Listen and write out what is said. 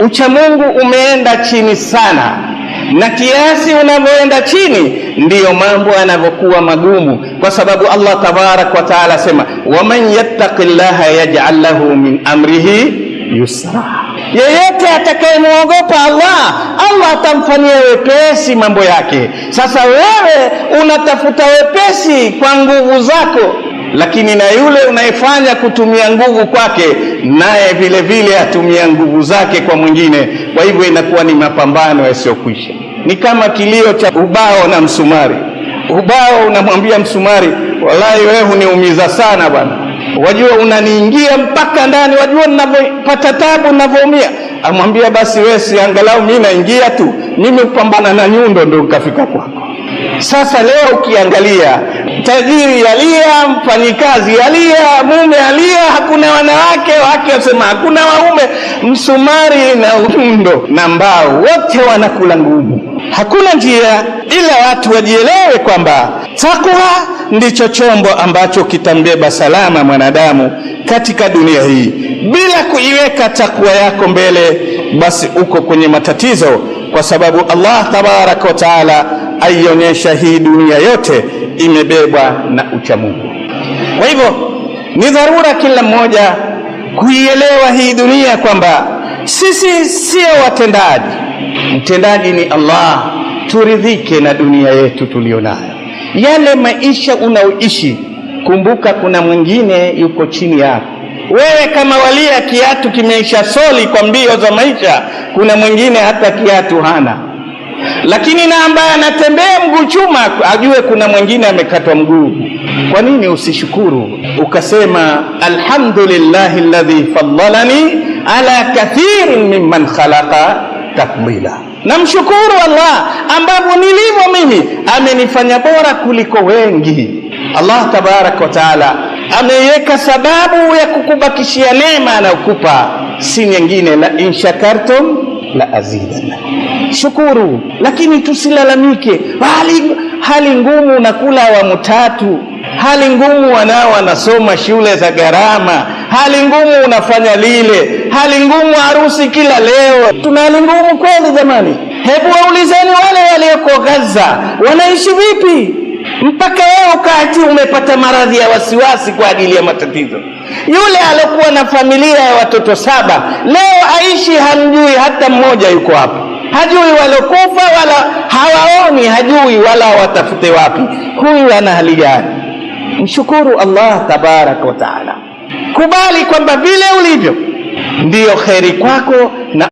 ucha mungu umeenda chini sana, na kiasi unavyoenda chini ndiyo mambo yanavyokuwa magumu, kwa sababu Allah tabarak wa taala asema, waman yattaqillaha yaj'al lahu min amrihi yusra, yeyote atakayemwogopa Allah, Allah atamfanyia wepesi mambo yake. Sasa wewe unatafuta wepesi kwa nguvu zako lakini na yule unayefanya kutumia nguvu kwake, naye vile vile atumia nguvu zake kwa mwingine. Kwa hivyo inakuwa ni mapambano yasiyokwisha, ni kama kilio cha ubao na msumari. Ubao unamwambia msumari, walai wewe huniumiza sana bwana, wajua unaniingia mpaka ndani, wajua ninavyopata tabu, ninavyoumia. Amwambia basi wewe si angalau mimi naingia tu, mimi kupambana na nyundo ndio nikafika kwako. Sasa leo ukiangalia, tajiri alia, mfanyikazi alia, mume alia, hakuna wanawake wake, wasema hakuna waume, msumari na undo na mbao wote wanakula ngumu. Hakuna njia ila watu wajielewe kwamba takwa ndicho chombo ambacho kitambeba salama mwanadamu katika dunia hii. Bila kuiweka takwa yako mbele, basi uko kwenye matatizo, kwa sababu Allah tabaraka wa taala aionyesha hii dunia yote imebebwa na uchamungu. Kwa hivyo ni dharura kila mmoja kuielewa hii dunia kwamba sisi sio watendaji, mtendaji ni Allah. Turidhike na dunia yetu tuliyo nayo, yale maisha unaoishi. Kumbuka kuna mwingine yuko chini yako wewe kama walia, kiatu kimeisha soli kwa mbio za maisha, kuna mwingine hata kiatu hana lakini na ambaye anatembea mguu chuma ajue kuna mwingine amekatwa mguu. Kwa nini usishukuru ukasema alhamdulillahi alladhi faddalani ala kathirin mimman khalaqa tafdila, namshukuru Allah ambapo nilivyo mimi amenifanya bora kuliko wengi. Allah tabaraka wa taala ameiweka sababu ya kukubakishia neema anayokupa si nyingine la in shakartum la azidana shukuru. Lakini tusilalamike, hali hali ngumu, unakula awamu tatu, hali ngumu, wanao wanasoma shule za gharama, hali ngumu, unafanya lile, hali ngumu, harusi kila leo. Tuna hali ngumu kweli jamani? Hebu waulizeni wale walioko Gaza wanaishi vipi? mpaka wewe ukaati umepata maradhi ya wasiwasi kwa ajili ya matatizo. Yule alokuwa na familia ya watoto saba leo aishi, hamjui hata mmoja yuko hapa, hajui walokufa wala hawaoni, hajui wala watafute wapi. Huyu ana hali gani? Mshukuru Allah tabaraka wa taala, kubali kwamba vile ulivyo ndiyo kheri kwako na